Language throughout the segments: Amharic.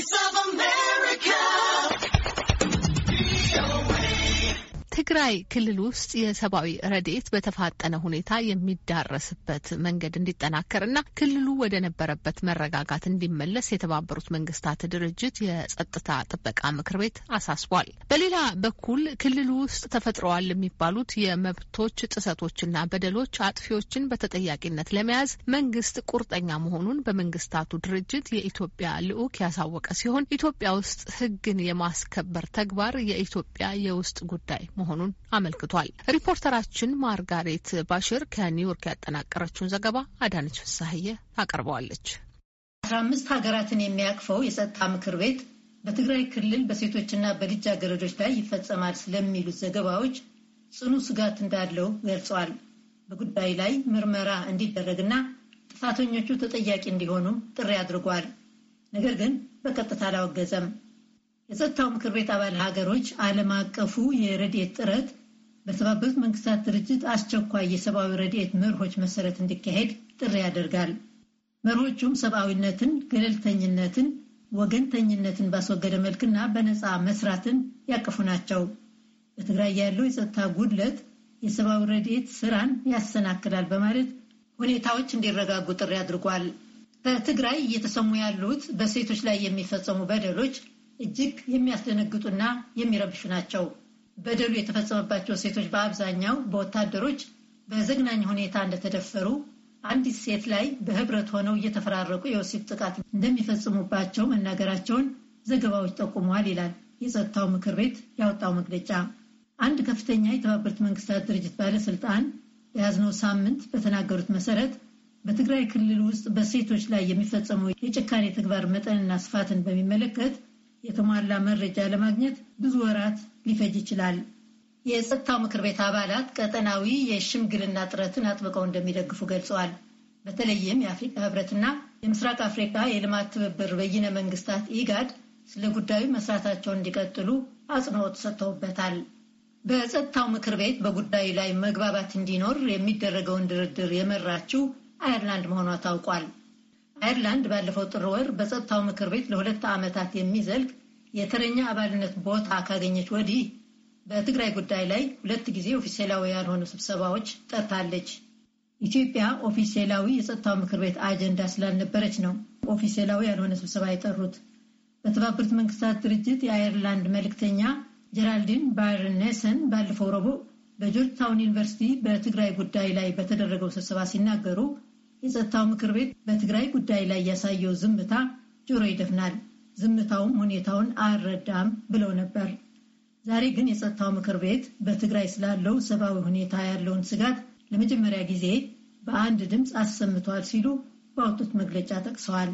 voice of በትግራይ ክልል ውስጥ የሰብአዊ ረድኤት በተፋጠነ ሁኔታ የሚዳረስበት መንገድ እንዲጠናከርና ክልሉ ወደ ነበረበት መረጋጋት እንዲመለስ የተባበሩት መንግስታት ድርጅት የጸጥታ ጥበቃ ምክር ቤት አሳስቧል። በሌላ በኩል ክልሉ ውስጥ ተፈጥረዋል የሚባሉት የመብቶች ጥሰቶችና በደሎች አጥፊዎችን በተጠያቂነት ለመያዝ መንግስት ቁርጠኛ መሆኑን በመንግስታቱ ድርጅት የኢትዮጵያ ልዑክ ያሳወቀ ሲሆን ኢትዮጵያ ውስጥ ህግን የማስከበር ተግባር የኢትዮጵያ የውስጥ ጉዳይ መሆኑ መሆኑን አመልክቷል። ሪፖርተራችን ማርጋሬት ባሽር ከኒውዮርክ ያጠናቀረችውን ዘገባ አዳነች ፍሳህዬ ታቀርበዋለች። አስራ አምስት ሀገራትን የሚያቅፈው የጸጥታ ምክር ቤት በትግራይ ክልል በሴቶችና በልጃገረዶች ላይ ይፈጸማል ስለሚሉት ዘገባዎች ጽኑ ስጋት እንዳለው ገልጿል። በጉዳዩ ላይ ምርመራ እንዲደረግና ጥፋተኞቹ ተጠያቂ እንዲሆኑም ጥሪ አድርጓል። ነገር ግን በቀጥታ አላወገዘም። የጸጥታው ምክር ቤት አባል ሀገሮች ዓለም አቀፉ የረድኤት ጥረት በተባበሩት መንግስታት ድርጅት አስቸኳይ የሰብአዊ ረድኤት መርሆች መሰረት እንዲካሄድ ጥሪ ያደርጋል። መርሆቹም ሰብአዊነትን፣ ገለልተኝነትን፣ ወገንተኝነትን ባስወገደ መልክና በነፃ መስራትን ያቀፉ ናቸው። በትግራይ ያለው የጸጥታ ጉድለት የሰብአዊ ረድኤት ስራን ያሰናክላል በማለት ሁኔታዎች እንዲረጋጉ ጥሪ አድርጓል። በትግራይ እየተሰሙ ያሉት በሴቶች ላይ የሚፈጸሙ በደሎች እጅግ የሚያስደነግጡና የሚረብሹ ናቸው። በደሉ የተፈጸመባቸው ሴቶች በአብዛኛው በወታደሮች በዘግናኝ ሁኔታ እንደተደፈሩ፣ አንዲት ሴት ላይ በህብረት ሆነው እየተፈራረቁ የወሲብ ጥቃት እንደሚፈጽሙባቸው መናገራቸውን ዘገባዎች ጠቁመዋል ይላል የጸጥታው ምክር ቤት ያወጣው መግለጫ። አንድ ከፍተኛ የተባበሩት መንግስታት ድርጅት ባለስልጣን በያዝነው ሳምንት በተናገሩት መሰረት በትግራይ ክልል ውስጥ በሴቶች ላይ የሚፈጸመው የጭካኔ ተግባር መጠንና ስፋትን በሚመለከት የተሟላ መረጃ ለማግኘት ብዙ ወራት ሊፈጅ ይችላል። የጸጥታው ምክር ቤት አባላት ቀጠናዊ የሽምግልና ጥረትን አጥብቀው እንደሚደግፉ ገልጸዋል። በተለይም የአፍሪካ ህብረትና የምስራቅ አፍሪካ የልማት ትብብር በይነ መንግስታት ኢጋድ ስለ ጉዳዩ መስራታቸውን እንዲቀጥሉ አጽንኦት ሰጥተውበታል። በጸጥታው ምክር ቤት በጉዳዩ ላይ መግባባት እንዲኖር የሚደረገውን ድርድር የመራችው አየርላንድ መሆኗ ታውቋል። አይርላንድ ባለፈው ጥር ወር በጸጥታው ምክር ቤት ለሁለት ዓመታት የሚዘልቅ የተረኛ አባልነት ቦታ ካገኘች ወዲህ በትግራይ ጉዳይ ላይ ሁለት ጊዜ ኦፊሴላዊ ያልሆኑ ስብሰባዎች ጠርታለች። ኢትዮጵያ ኦፊሴላዊ የጸጥታው ምክር ቤት አጀንዳ ስላልነበረች ነው ኦፊሴላዊ ያልሆነ ስብሰባ የጠሩት። በተባበሩት መንግስታት ድርጅት የአየርላንድ መልእክተኛ ጀራልዲን ባርኔሰን ባለፈው ረቡዕ በጆርጅታውን ዩኒቨርሲቲ በትግራይ ጉዳይ ላይ በተደረገው ስብሰባ ሲናገሩ የጸጥታው ምክር ቤት በትግራይ ጉዳይ ላይ ያሳየው ዝምታ ጆሮ ይደፍናል፣ ዝምታውም ሁኔታውን አያረዳም ብለው ነበር። ዛሬ ግን የጸጥታው ምክር ቤት በትግራይ ስላለው ሰብአዊ ሁኔታ ያለውን ስጋት ለመጀመሪያ ጊዜ በአንድ ድምፅ አሰምቷል ሲሉ ባወጡት መግለጫ ጠቅሰዋል።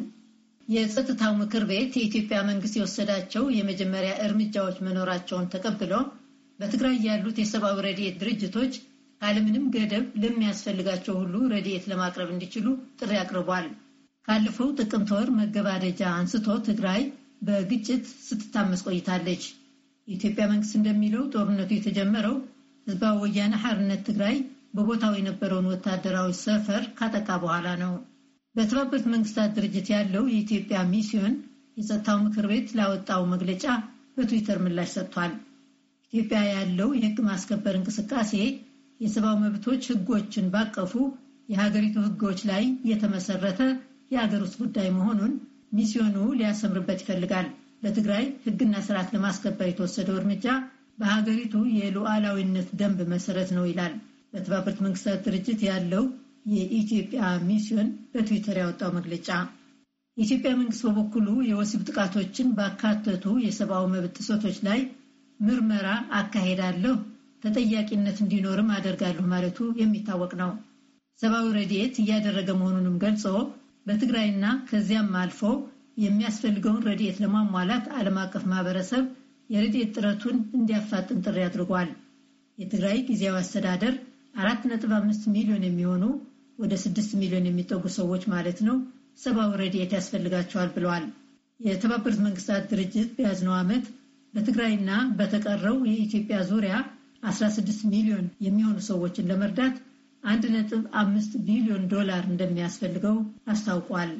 የጸጥታው ምክር ቤት የኢትዮጵያ መንግስት የወሰዳቸው የመጀመሪያ እርምጃዎች መኖራቸውን ተቀብሎ በትግራይ ያሉት የሰብአዊ ረድኤት ድርጅቶች ካለምንም ገደብ ለሚያስፈልጋቸው ሁሉ ረድኤት ለማቅረብ እንዲችሉ ጥሪ አቅርቧል። ካለፈው ጥቅምት ወር መገባደጃ አንስቶ ትግራይ በግጭት ስትታመስ ቆይታለች። የኢትዮጵያ መንግስት እንደሚለው ጦርነቱ የተጀመረው ህዝባዊ ወያነ ሐርነት ትግራይ በቦታው የነበረውን ወታደራዊ ሰፈር ካጠቃ በኋላ ነው። በተባበሩት መንግስታት ድርጅት ያለው የኢትዮጵያ ሚስዮን የጸጥታው ምክር ቤት ላወጣው መግለጫ በትዊተር ምላሽ ሰጥቷል። ኢትዮጵያ ያለው የህግ ማስከበር እንቅስቃሴ የሰብአዊ መብቶች ህጎችን ባቀፉ የሀገሪቱ ህጎች ላይ የተመሰረተ የሀገር ውስጥ ጉዳይ መሆኑን ሚስዮኑ ሊያሰምርበት ይፈልጋል። በትግራይ ህግና ስርዓት ለማስከበር የተወሰደው እርምጃ በሀገሪቱ የሉዓላዊነት ደንብ መሰረት ነው ይላል። በተባበሩት መንግስታት ድርጅት ያለው የኢትዮጵያ ሚስዮን በትዊተር ያወጣው መግለጫ የኢትዮጵያ መንግስት በበኩሉ የወሲብ ጥቃቶችን ባካተቱ የሰብአዊ መብት ጥሰቶች ላይ ምርመራ አካሄዳለሁ ተጠያቂነት እንዲኖርም አደርጋለሁ ማለቱ የሚታወቅ ነው። ሰብአዊ ረድኤት እያደረገ መሆኑንም ገልጾ በትግራይና ከዚያም አልፎ የሚያስፈልገውን ረድኤት ለማሟላት ዓለም አቀፍ ማህበረሰብ የረድኤት ጥረቱን እንዲያፋጥን ጥሪ አድርጓል። የትግራይ ጊዜያዊ አስተዳደር 4.5 ሚሊዮን የሚሆኑ ወደ 6 ሚሊዮን የሚጠጉ ሰዎች ማለት ነው ሰብአዊ ረድኤት ያስፈልጋቸዋል ብለዋል። የተባበሩት መንግስታት ድርጅት በያዝነው ዓመት በትግራይና በተቀረው የኢትዮጵያ ዙሪያ 16 ሚሊዮን የሚሆኑ ሰዎችን ለመርዳት 1.5 ቢሊዮን ዶላር እንደሚያስፈልገው አስታውቋል።